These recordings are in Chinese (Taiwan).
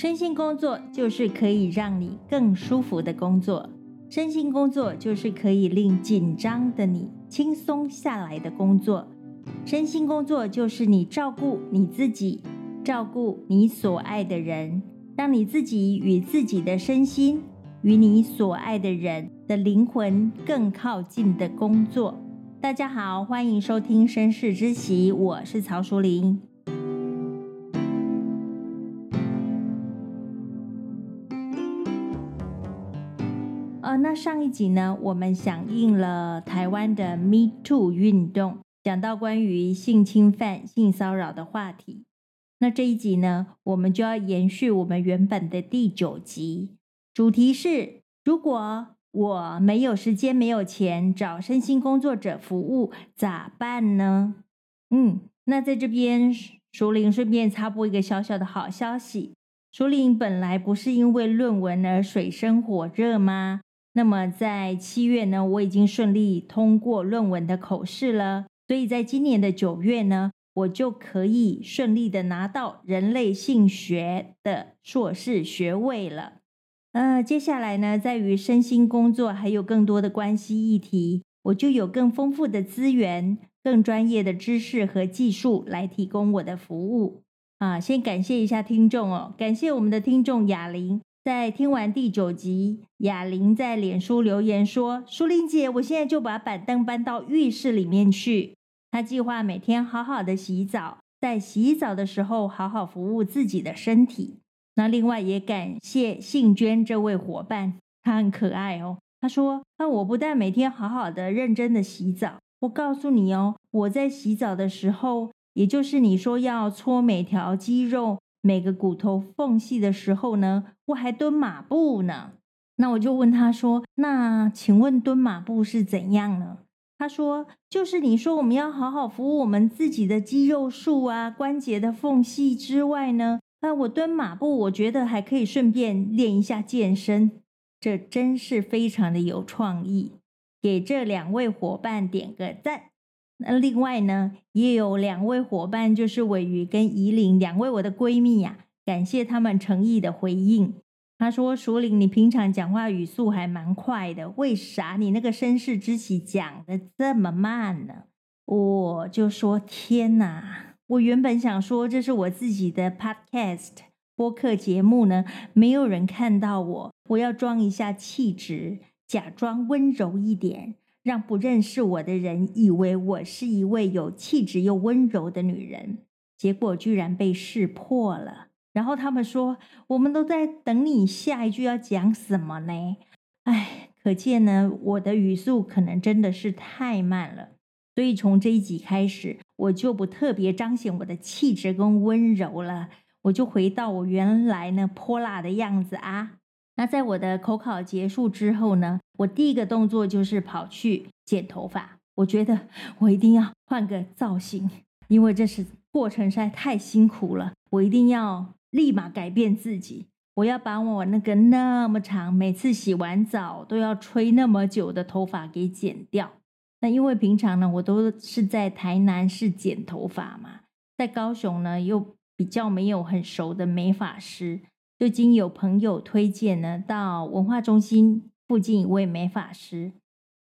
身心工作就是可以讓你更舒服的工作，身心工作就是可以令緊張的你輕鬆下來的工作，身心工作就是你照顧你自己，照顧你所愛的人，讓你自己與自己的身心，與你所愛的人的靈魂更靠近的工作。大家好，歡迎收聽《身世之喜》，我是曹淑玲。那上一集呢，我們響應了台灣的 Me Too 運動，講到關於性侵犯、性騷擾的話題。那這一集呢，我們就要延續我們原本的第九集，主題是：如果我沒有時間、沒有錢找身心工作者服務，咋辦呢？嗯，那在這邊，舒玲順便插播一個小小的好消息：舒玲本來不是因為論文而水深火熱嗎？那麼在七月呢，我已經順利通過論文的口試了，所以在今年的九月呢，我就可以順利的拿到人類性學的碩士學位了。呃，接下來呢，在於身心工作還有更多的關係議題，我就有更豐富的資源、更專業的知識和技術來提供我的服務。啊，先感謝一下聽眾哦，感謝我們的聽眾雅玲。在聽完第九集，雅玲在臉書留言說：“舒玲姐，我現在就把板凳搬到浴室裡面去。她計劃每天好好的洗澡，在洗澡的時候好好服務自己的身體。那另外也感謝信娟這位夥伴，她很可愛哦。她說：‘那我不但每天好好的、認真的洗澡，我告訴你哦，我在洗澡的時候，也就是你說要搓每條肌肉、每個骨頭縫隙的時候呢。’”我還蹲馬步呢，那我就問他說：“那請問蹲馬步是怎樣呢？”他說：“就是你說我們要好好服務我們自己的肌肉束啊、關節的縫隙之外呢，那我蹲馬步，我覺得還可以順便練一下健身，這真是非常的有創意。給這兩位伙伴點個讚。那另外呢，也有兩位伙伴，就是尾魚跟怡玲兩位我的閨蜜呀、啊。”感謝他們誠意的回應。他說：“署領，你平常講話語速還蠻快的，為啥你那個紳士之氣講得這麼慢呢？”我、哦、就說：“天哪！我原本想說這是我自己的 podcast 播客節目呢，沒有人看到我，我要裝一下氣質，假裝溫柔一點，讓不認識我的人以為我是一位有氣質又溫柔的女人。結果居然被識破了。”然後他們說：“我們都在等你下一句要講什麼呢？”哎，可見呢，我的語速可能真的是太慢了。所以從這一集開始，我就不特別彰顯我的氣質跟溫柔了，我就回到我原來呢潑辣的樣子啊。那在我的口考結束之後呢，我第一個動作就是跑去剪頭髮。我覺得我一定要換個造型，因為這是過程實在太辛苦了，我一定要。立馬改變自己，我要把我那個那麼長，每次洗完澡都要吹那麼久的頭髮給剪掉。那因為平常呢，我都是在台南市剪頭髮嘛，在高雄呢又比較沒有很熟的美髮師，就經有朋友推薦呢到文化中心附近一位美髮師。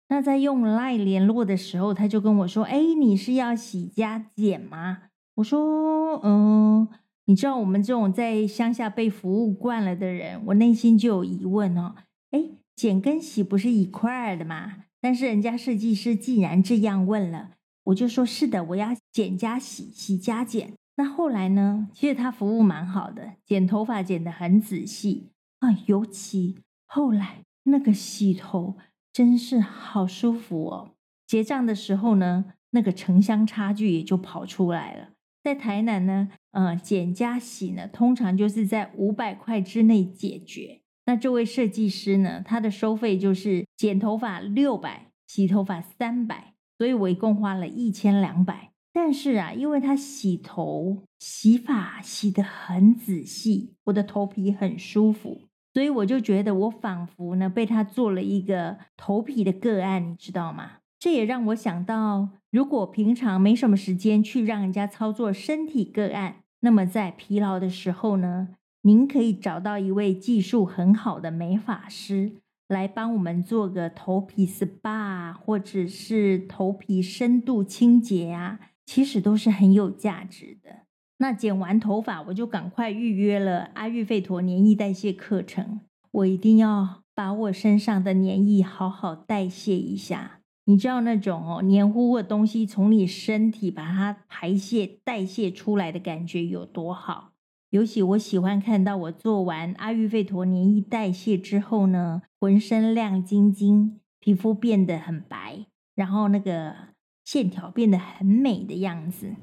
那在用 Line 聯絡的時候，他就跟我說：“哎，你是要洗加剪嗎？”我說：“嗯。”你知道我們這種在鄉下被服務慣了的人，我內心就有疑問哦。哎，剪跟洗不是一塊兒的嗎？但是人家設計師既然這樣問了，我就說：是的，我要剪加洗，洗加剪。那後來呢？其實他服務蠻好的，剪頭髮剪得很仔細啊。尤其後來那個洗頭，真是好舒服哦。結賬的時候呢，那個城鄉差距也就跑出來了。在台南呢。嗯，剪加洗呢，通常就是在五百塊之內解決。那這位設計師呢，他的收費就是剪頭髮六百，洗頭髮三百，所以我一共花了一千兩百。但是啊，因為他洗頭、洗髮洗得很仔細，我的頭皮很舒服，所以我就覺得我仿佛呢被他做了一個頭皮的個案，你知道嗎？這也讓我想到，如果平常沒什麼時間去讓人家操作身體個案。那麼在疲勞的時候呢，您可以找到一位技術很好的美髮師來幫我們做個頭皮 SPA，或者是頭皮深度清潔啊，其實都是很有價值的。那剪完頭髮，我就趕快預約了阿育吠陀黏液代謝課程，我一定要把我身上的黏液好好代謝一下。你知道那種哦黏糊糊的東西從你身體，把它排泄代謝出來的感覺有多好？尤其我喜歡看到我做完阿育吠陀黏液代謝之後呢，渾身亮晶晶，皮膚變得很白，然後那個線條變得很美的樣子。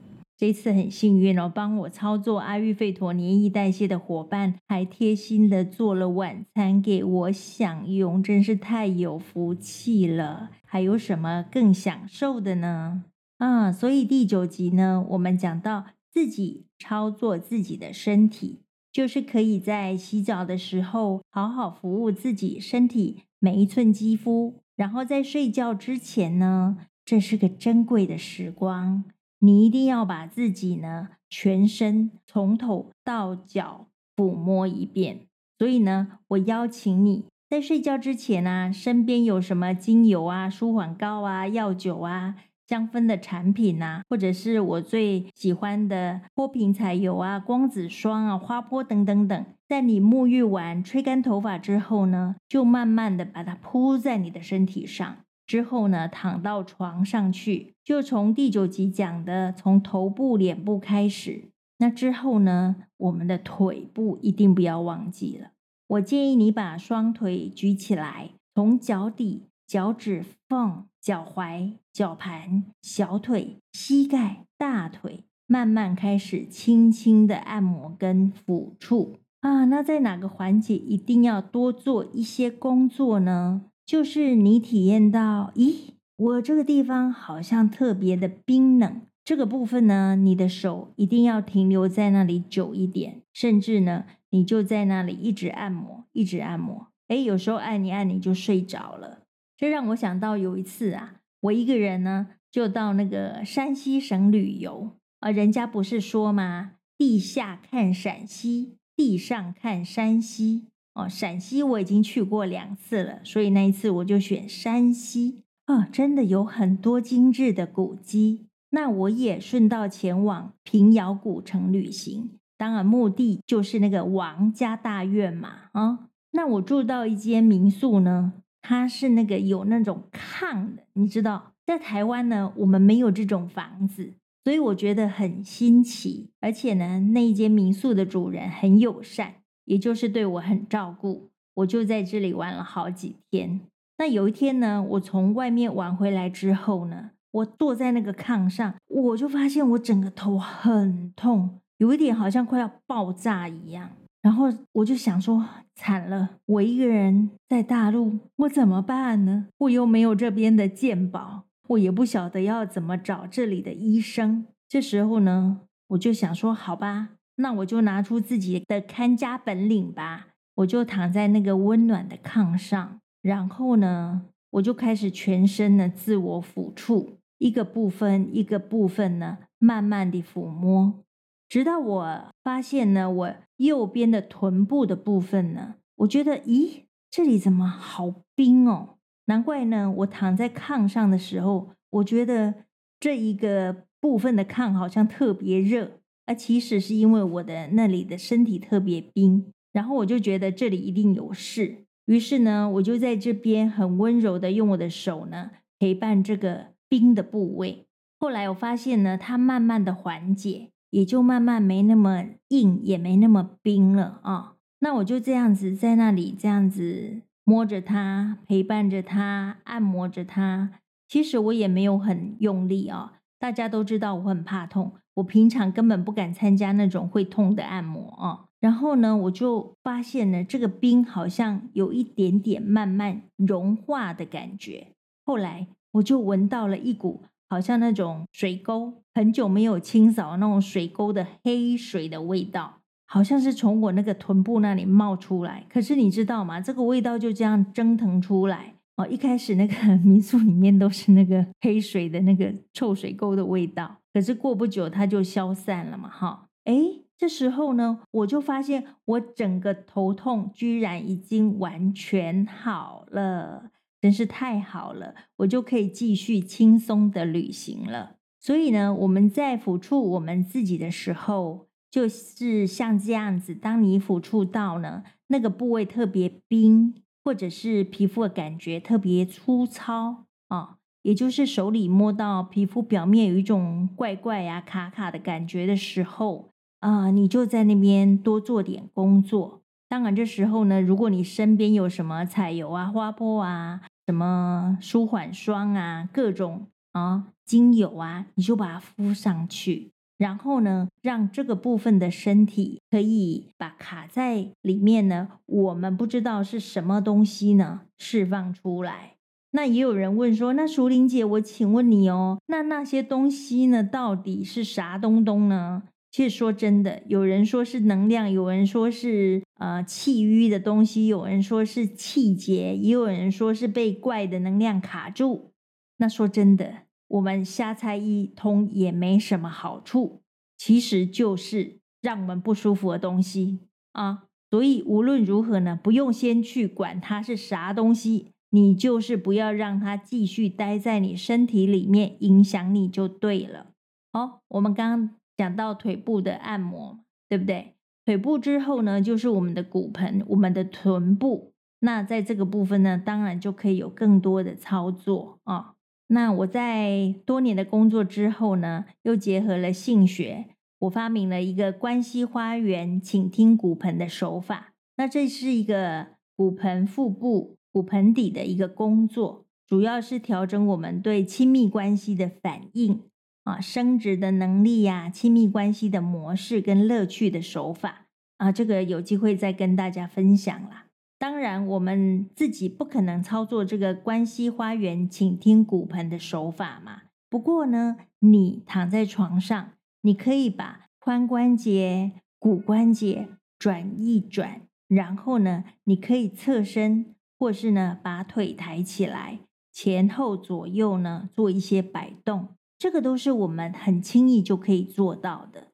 這次很幸運哦，幫我操作阿育吠陀黏液代謝的夥伴還貼心地做了晚餐給我享用，真是太有福氣了。還有什麼更享受的呢？啊，所以第九集呢，我們講到自己操作自己的身體，就是可以在洗澡的時候好好服務自己身體每一寸肌膚，然後在睡覺之前呢，這是個珍貴的時光。你一定要把自己呢全身從頭到腳撫摸一遍，所以呢，我邀請你在睡覺之前呢、啊，身邊有什麼精油啊、舒緩膏啊、藥酒啊、香氛的產品啊，或者是我最喜歡的波瓶彩油啊、光子霜啊、花波等等等，在你沐浴完、吹乾頭髮之後呢，就慢慢的把它鋪在你的身體上。之後呢，躺到床上去，就從第九集講的，從頭部、臉部開始。那之後呢，我們的腿部一定不要忘記了。我建議你把雙腿舉起來，從腳底、腳趾縫、腳踝、腳踝、腳盤、小腿、膝蓋、大腿，慢慢開始輕輕的按摩跟撫觸啊。那在哪個環節一定要多做一些工作呢？就是你體驗到，咦，我這個地方好像特別的冰冷。這個部分呢，你的手一定要停留在那裡久一點，甚至呢，你就在那裡一直按摩，一直按摩。誒，有時候按你按你就睡着了。這讓我想到有一次啊，我一個人呢，就到那個山西省旅遊啊，人家不是說嗎？地下看陝西，地上看山西。哦，陝西我已經去過兩次了，所以那一次我就選山西。哦，真的有很多精致的古蹟。那我也順道前往平遙古城旅行，當然目的就是那個王家大院嘛。啊、哦，那我住到一間民宿呢，它是那個有那種炕的，你知道，在台灣呢我們沒有這種房子，所以我覺得很新奇。而且呢，那一間民宿的主人很友善。也就是對我很照顧，我就在這裡玩了好幾天。那有一天呢，我從外面玩回來之後呢，我坐在那個炕上，我就發現我整個頭很痛，有一點好像快要爆炸一樣。然後我就想說，慘了，我一個人在大陸，我怎麼辦呢？我又沒有這邊的健保，我也不曉得要怎麼找這裡的醫生。這時候呢，我就想說，好吧。那我就拿出自己的看家本領吧，我就躺在那個溫暖的炕上，然後呢，我就開始全身的自我撫觸，一個部分一個部分呢，慢慢的撫摸，直到我發現呢，我右邊的臀部的部分呢，我覺得咦，這裡怎麼好冰哦，難怪呢，我躺在炕上的時候，我覺得這一個部分的炕好像特別熱。啊，其實是因為我的那裡的身體特別冰，然後我就覺得這裡一定有事，於是呢，我就在這邊很溫柔的用我的手呢陪伴這個冰的部位。後來我發現呢，它慢慢的緩解，也就慢慢沒那麼硬，也沒那麼冰了啊。那我就這樣子在那裡這樣子摸着它，陪伴着它，按摩着它。其實我也沒有很用力啊，大家都知道我很怕痛。我平常根本不敢參加那種會痛的按摩啊，然後呢，我就發現呢，這個冰好像有一點點慢慢融化的感覺。後來我就聞到了一股好像那種水溝很久沒有清掃那種水溝的黑水的味道，好像是從我那個臀部那裡冒出來。可是你知道嗎？這個味道就這樣蒸騰出來。哦，一開始那個民宿裡面都是那個黑水的那個臭水溝的味道，可是過不久它就消散了嘛，哈。哎，這時候呢，我就發現我整個頭痛居然已經完全好了，真是太好了，我就可以繼續輕鬆的旅行了。所以呢，我們在撫觸我們自己的時候，就是像這樣子，當你撫觸到呢那個部位特別冰。或者是皮膚的感覺特別粗糙啊，也就是手裡摸到皮膚表面有一種怪怪呀、啊、卡卡的感覺的時候啊，你就在那邊多做點工作。當然，這時候呢，如果你身邊有什麼彩油啊、花波啊、什麼舒緩霜啊、各種啊精油啊，你就把它敷上去。然後呢，讓這個部分的身體可以把卡在裡面呢，我們不知道是什麼東西呢，釋放出來。那也有人問說，那淑玲姐，我請問你哦，那那些東西呢，到底是啥東東呢？其實說真的，有人說是能量，有人說是呃氣瘀的東西，有人說是氣結，也有人說是被怪的能量卡住。那說真的。我們瞎猜一通也沒什麼好處，其實就是讓我們不舒服的東西啊。所以無論如何呢，不用先去管它是啥東西，你就是不要讓它繼續待在你身體裡面影響你就對了。哦，我們剛剛講到腿部的按摩，對不對？腿部之後呢，就是我們的骨盆，我們的臀部。那在這個部分呢，當然就可以有更多的操作啊。那我在多年的工作之後呢，又結合了性學，我發明了一個關係花園，傾聽骨盆的手法。那這是一個骨盆、腹部、骨盆底的一個工作，主要是調整我們對親密關係的反應啊，生殖的能力呀、啊，親密關係的模式跟樂趣的手法啊，這個有機會再跟大家分享啦。當然，我們自己不可能操作這個關西花園，傾聽骨盆的手法嘛。不過呢，你躺在床上，你可以把髖關節、骨關節轉一轉，然後呢，你可以側身，或是呢，把腿抬起來，前後左右呢，做一些擺動。這個都是我們很輕易就可以做到的。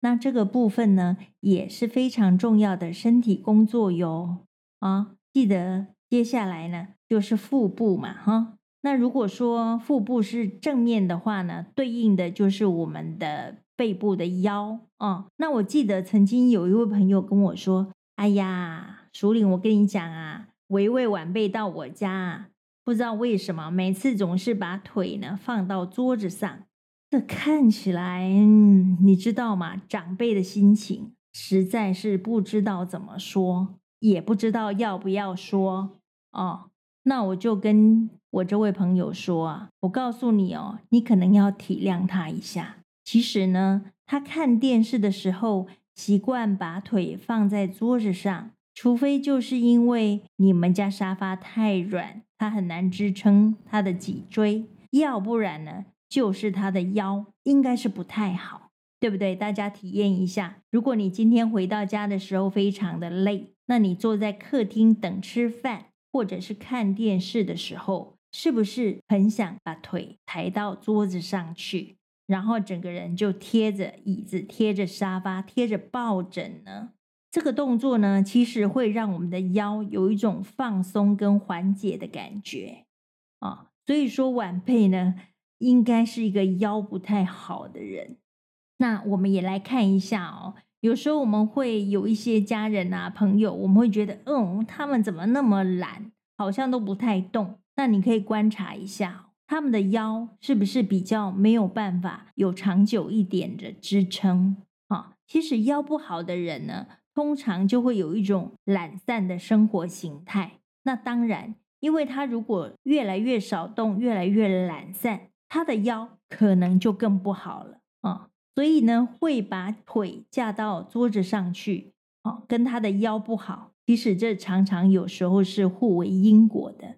那這個部分呢，也是非常重要的身體工作喲。啊、哦，記得接下來呢，就是腹部嘛，哈。那如果說腹部是正面的話呢，對應的就是我們的背部的腰。哦，那我記得曾經有一位朋友跟我說：“哎呀，熟領，我跟你講啊，一位晚輩到我家，不知道為什麼每次總是把腿呢放到桌子上，這看起來，嗯，你知道嗎？長輩的心情實在是不知道怎麼說。”也不知道要不要說哦，那我就跟我這位朋友說啊，我告訴你哦，你可能要體諒他一下。其實呢，他看電視的時候習慣把腿放在桌子上，除非就是因為你們家沙發太軟，他很難支撐他的脊椎，要不然呢，就是他的腰應該是不太好。對不對？大家體驗一下，如果你今天回到家的時候非常的累，那你坐在客廳等吃飯或者是看電視的時候，是不是很想把腿抬到桌子上去，然後整個人就貼着椅子、貼着沙發、貼着抱枕呢？這個動作呢，其實會讓我們的腰有一種放鬆跟緩解的感覺啊。所以說，晚輩呢，應該是一個腰不太好的人。那我們也來看一下哦。有時候我們會有一些家人啊、朋友，我們會覺得，嗯，他們怎麼那麼懶，好像都不太動。那你可以觀察一下，他們的腰是不是比較沒有辦法有長久一點的支撐啊、哦？其實腰不好的人呢，通常就會有一種懶散的生活形態。那當然，因為他如果越來越少動，越來越懶散，他的腰可能就更不好了啊。哦所以呢，會把腿架到桌子上去，哦，跟他的腰不好，其實這常常有時候是互為因果的。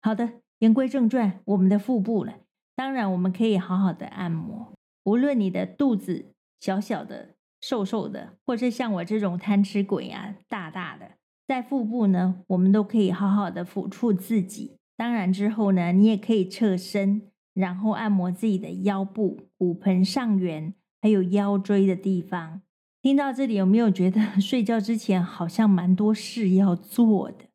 好的，言歸正傳，我們的腹部了，當然我們可以好好的按摩，無論你的肚子小小的、瘦瘦的，或者像我這種貪吃鬼呀、啊，大大的，在腹部呢，我們都可以好好的撫觸自己。當然之後呢，你也可以側身，然後按摩自己的腰部、骨盆上緣。還有腰椎的地方，聽到這裡有沒有覺得睡覺之前好像蠻多事要做的？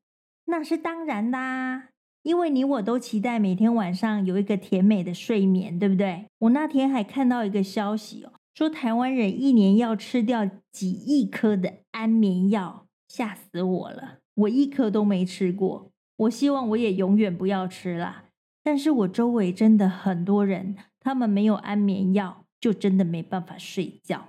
那是當然的啊，因為你我都期待每天晚上有一個甜美的睡眠，對不對？我那天還看到一個消息哦，說台灣人一年要吃掉幾億顆的安眠藥，嚇死我了！我一顆都沒吃過，我希望我也永遠不要吃啦。但是我周圍真的很多人，他們沒有安眠藥。就真的沒辦法睡覺啊、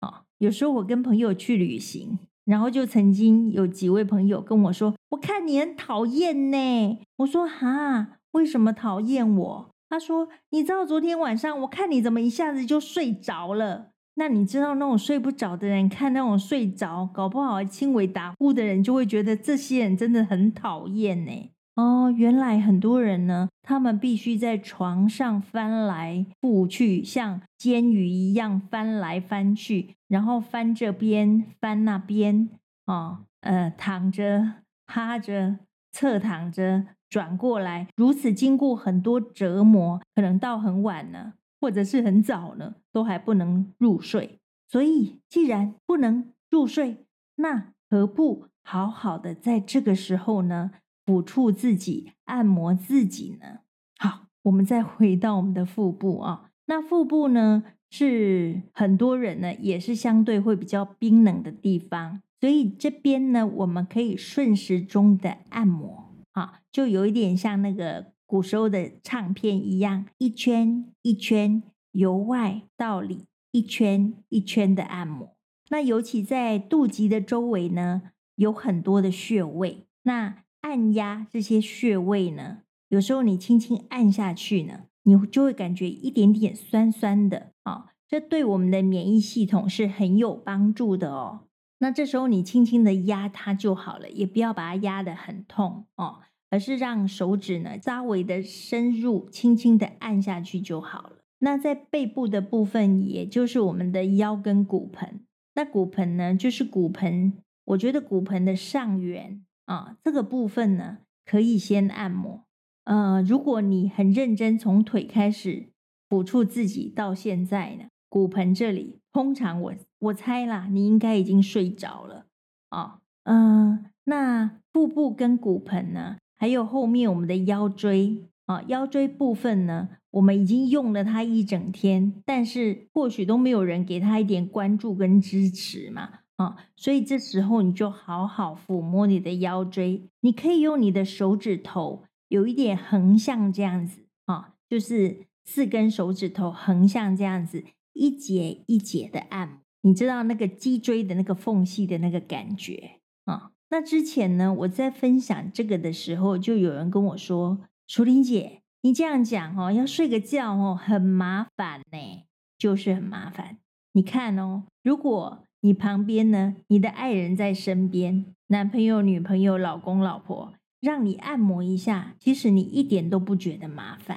哦！有時候我跟朋友去旅行，然後就曾經有幾位朋友跟我說：“我看你很討厭呢。”我說：“哈、啊，為什麼討厭我？”他說：“你知道昨天晚上我看你怎麼一下子就睡着了？那你知道那種睡不着的人看那種睡着，搞不好輕微打呼的人就會覺得這些人真的很討厭呢。”哦，原來很多人呢，他們必須在床上翻來覆去，像煎魚一樣翻來翻去，然後翻這邊，翻那邊，哦，呃，躺着，趴着，側躺着，轉過來，如此經過很多折磨，可能到很晚呢，或者是很早呢，都還不能入睡。所以，既然不能入睡，那何不好好的在這個時候呢？撫觸自己，按摩自己呢？好，我們再回到我們的腹部啊。那腹部呢，是很多人呢也是相對會比較冰冷的地方，所以這邊呢，我們可以順時鐘的按摩啊，就有一點像那個古時候的唱片，一樣，一圈一圈由外到裡，一圈一圈的按摩。那尤其在肚臍的周圍呢，有很多的穴位，那按壓這些穴位呢，有時候你輕輕按下去呢，你就會感覺一點點酸酸的，哦，這對我們的免疫系統是很有幫助的哦。那這時候你輕輕的壓它就好了，也不要把它壓得很痛哦，而是讓手指呢稍微的深入，輕輕的按下去就好了。那在背部的部分，也就是我們的腰跟骨盆，那骨盆呢，就是骨盆，我覺得骨盆的上緣。啊、哦，這個部分呢，可以先按摩。呃，如果你很認真，從腿開始撫觸自己到現在呢，骨盆這裡，通常我我猜啦，你應該已經睡着了啊。嗯、哦呃，那腹部跟骨盆呢，還有後面我們的腰椎啊、哦，腰椎部分呢，我們已經用了它一整天，但是或許都沒有人給它一點關注跟支持嘛。啊、哦，所以這時候你就好好撫摸你的腰椎，你可以用你的手指頭有一點橫向這樣子，啊、哦，就是四根手指頭橫向這樣子，一節一節的按，你知道那個脊椎的那個縫隙的那個感覺啊、哦。那之前呢，我在分享這個的時候，就有人跟我說：“楚玲姐，你這樣講哦，要睡個覺哦，很麻煩呢，就是很麻煩。”你看哦，如果你旁邊呢？你的愛人在身邊，男朋友、女朋友、老公、老婆，讓你按摩一下，其實你一點都不覺得麻煩。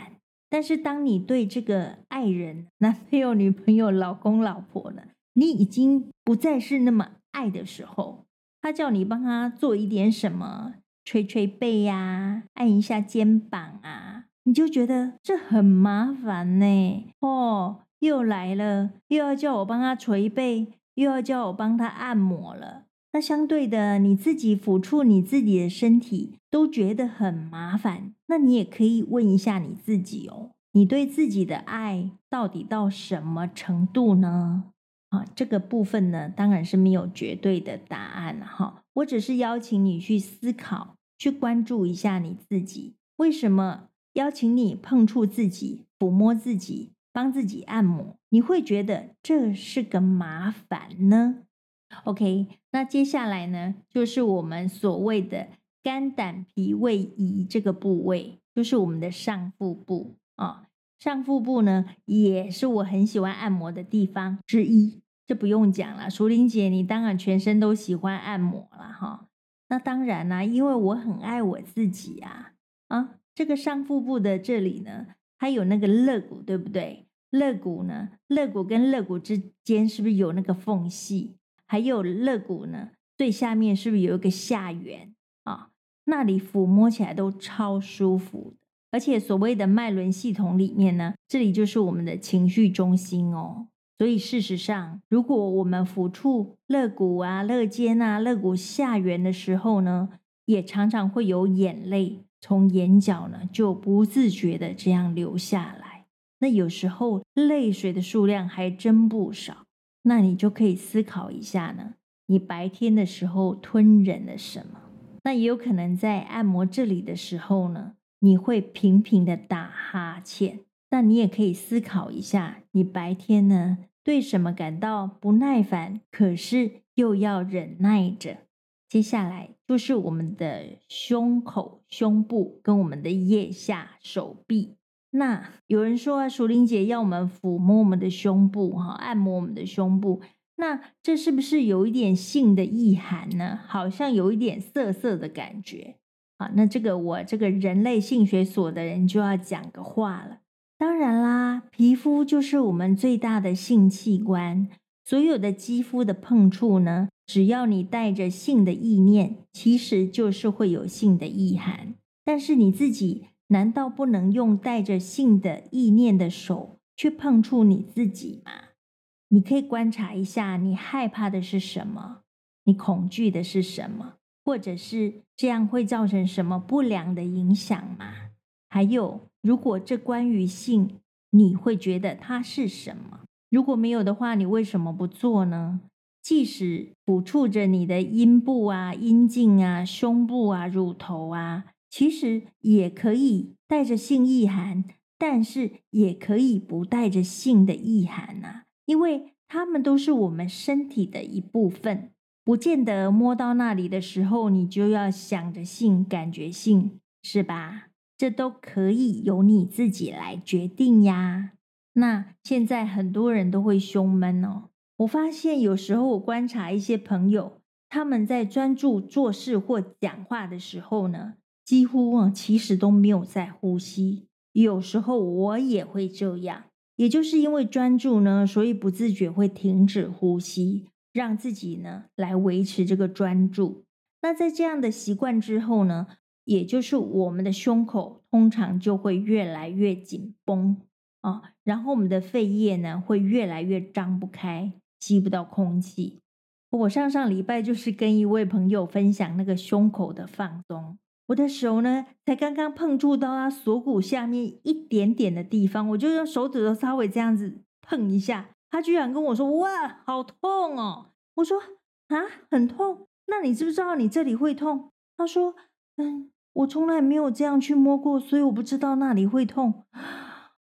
但是，當你對這個愛人、男朋友、女朋友、老公、老婆呢，你已經不再是那麼愛的時候，他叫你幫他做一點什麼，捶捶背呀，按一下肩膀啊，你就覺得這很麻煩呢。哦，又來了，又要叫我幫他捶背。又要叫我幫他按摩了，那相對的，你自己撫觸你自己的身體都覺得很麻煩，那你也可以問一下你自己哦，你對自己的愛到底到什麼程度呢？啊，這個部分呢，當然是沒有絕對的答案哈，我只是邀請你去思考，去關注一下你自己，為什麼邀請你碰觸自己，撫摸自己？幫自己按摩，你會覺得這是個麻煩呢？OK，那接下來呢，就是我們所謂的肝膽脾胃胰這個部位，就是我們的上腹部啊。上腹部呢，也是我很喜歡按摩的地方之一，這不用講了。淑玲姐，你當然全身都喜歡按摩了哈、啊。那當然呢、啊，因為我很愛我自己啊啊！這個上腹部的這裡呢，它有那個肋骨，對不對？肋骨呢，肋骨跟肋骨之間是不是有那個縫隙？還有肋骨呢，最下面是不是有一個下緣啊？那裡撫摸起來都超舒服的，而且所謂的脈輪系統裡面呢，這裡就是我們的情緒中心哦。所以事實上，如果我們撫觸肋骨啊、肋間啊、肋骨下緣的時候呢，也常常會有眼淚從眼角呢就不自覺的這樣流下來。那有時候淚水的數量還真不少，那你就可以思考一下呢。你白天的時候吞忍了什麼？那也有可能在按摩這裡的時候呢，你會頻頻的打哈欠。那你也可以思考一下，你白天呢對什麼感到不耐煩，可是又要忍耐着。接下來就是我們的胸口、胸部跟我們的腋下、手臂。那有人說啊，舒玲姐要我們撫摸我們的胸部，哈，按摩我們的胸部，那這是不是有一點性的意涵呢？好像有一點色色的感覺，啊，那這個我這個人類性學所的人就要講個話了。當然啦，皮膚就是我們最大的性器官，所有的肌膚的碰觸呢，只要你帶着性的意念，其實就是會有性的意涵，但是你自己。難道不能用帶着性的意念的手去碰觸你自己嗎？你可以觀察一下，你害怕的是什麼？你恐懼的是什麼？或者是這樣會造成什麼不良的影響嗎？還有，如果這關於性，你會覺得它是什麼？如果沒有的話，你為什麼不做呢？即使撫觸着你的陰部啊、陰莖啊、胸部啊、乳頭啊。其實也可以帶着性意涵，但是也可以不帶着性的意涵啊，因為他們都是我們身體的一部分，不見得摸到那裡的時候，你就要想着性，感覺性，是吧？這都可以由你自己來決定呀。那現在很多人都會胸悶哦，我發現有時候我觀察一些朋友，他們在專注做事或講話的時候呢，幾乎啊，其實都沒有在呼吸。有時候我也會這樣，也就是因為專注呢，所以不自覺會停止呼吸，讓自己呢來維持這個專注。那在這樣的習慣之後呢，也就是我們的胸口通常就會越來越緊繃啊，然後我們的肺葉呢會越來越張不開，吸不到空氣。我上上禮拜就是跟一位朋友分享那個胸口的放鬆。我的手呢，才剛剛碰觸到他鎖骨下面一點點的地方，我就用手指頭稍微這樣子碰一下，他居然跟我說：“哇，好痛哦！”我說：“啊，很痛？那你知不知道你這裡會痛？”他說：“嗯，我從來沒有這樣去摸過，所以我不知道那裡會痛。”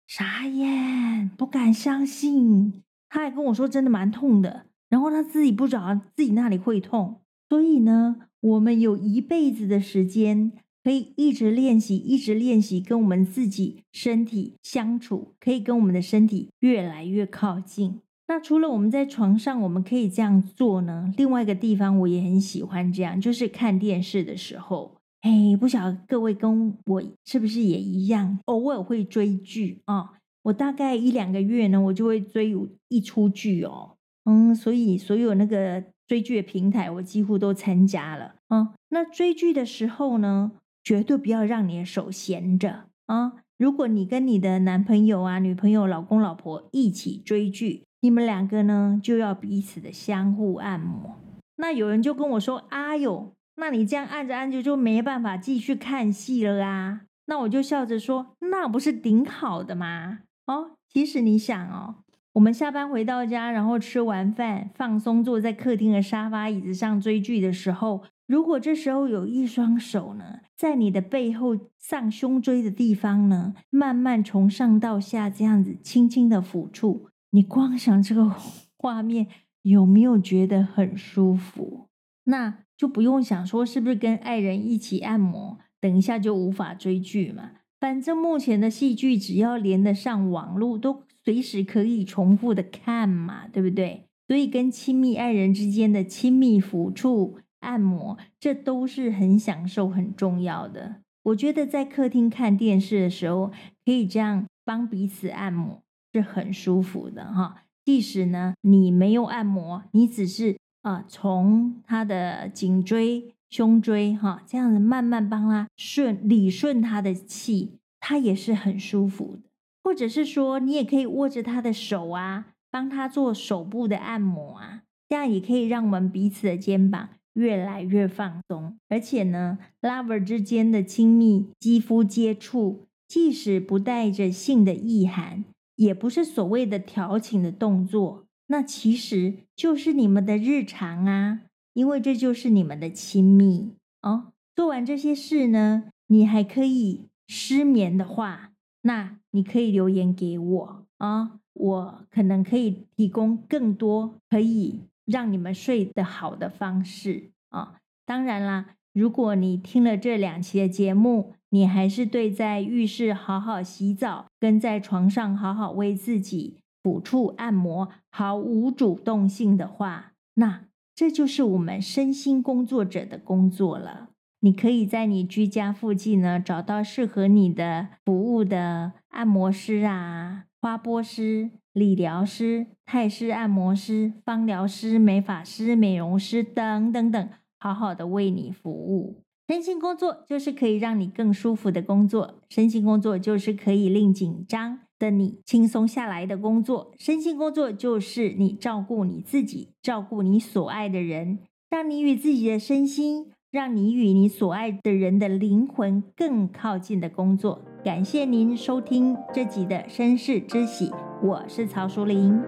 傻眼，不敢相信。他還跟我說：“真的蠻痛的。”然後他自己不知道，自己那裡會痛，所以呢？我們有一輩子的時間，可以一直練習，一直練習跟我們自己身體相處，可以跟我們的身體越來越靠近。那除了我們在床上，我們可以這樣做呢？另外一個地方我也很喜歡這樣，就是看電視的時候。哎，不曉得各位跟我是不是也一樣？偶爾會，會追劇啊。我大概一兩個月呢，我就會追有一齣劇哦。嗯，所以所有那個。追劇的平台我幾乎都參加了啊、嗯！那追劇的時候呢，絕對不要讓你的手閒着啊、嗯！如果你跟你的男朋友啊、女朋友、老公、老婆一起追劇，你們兩個呢就要彼此的相互按摩。那有人就跟我說：“哎呦，那你這樣按着按着就沒辦法繼續看戲了啦、啊。”那我就笑着說：“那不是頂好的嗎？”哦，其實你想哦。我們下班回到家，然後吃完飯，放鬆坐在客廳的沙發椅子上追劇的時候，如果這時候有一雙手呢，在你的背後上胸椎的地方呢，慢慢從上到下這樣子輕輕的撫觸，你光想這個畫面有沒有覺得很舒服？那就不用想說是不是跟愛人一起按摩，等一下就無法追劇嘛。反正目前的戲劇只要連得上網絡都。隨時可以重複的看嘛，對不對？所以跟親密愛人之間的親密撫觸、按摩，這都是很享受、很重要的。我覺得在客廳看電視的時候，可以這樣幫彼此按摩，是很舒服的哈。即使呢，你沒有按摩，你只是啊、呃，從他的頸椎、胸椎哈，這樣子慢慢幫他順理順他的氣，他也是很舒服的。或者是說，你也可以握着他的手啊，幫他做手部的按摩啊，這樣也可以讓我們彼此的肩膀越來越放鬆。而且呢，lover 之間的親密肌膚接觸，即使不帶着性的意涵，也不是所謂的調情的動作，那其實就是你們的日常啊，因為這就是你們的親密哦。做完這些事呢，你還可以失眠的話。那你可以留言給我啊，我可能可以提供更多可以讓你們睡得好的方式啊。當然啦，如果你聽了這兩期的節目，你還是對在浴室好好洗澡跟在床上好好為自己撫觸按摩毫無主動性的話，那這就是我們身心工作者的工作了。你可以在你居家附近呢找到適合你的服務的按摩師啊、花波師、理療師、泰式按摩師、芳療師、美髮師、美容師等等等，好好的為你服務。身心工作就是可以讓你更舒服的工作，身心工作就是可以令緊張的你輕鬆下來的工作，身心工作就是你照顧你自己、照顧你所愛的人，讓你與自己的身心。讓你與你所愛的人的靈魂更靠近的工作。感謝您收聽這集的《紳士之喜》，我是曹淑玲。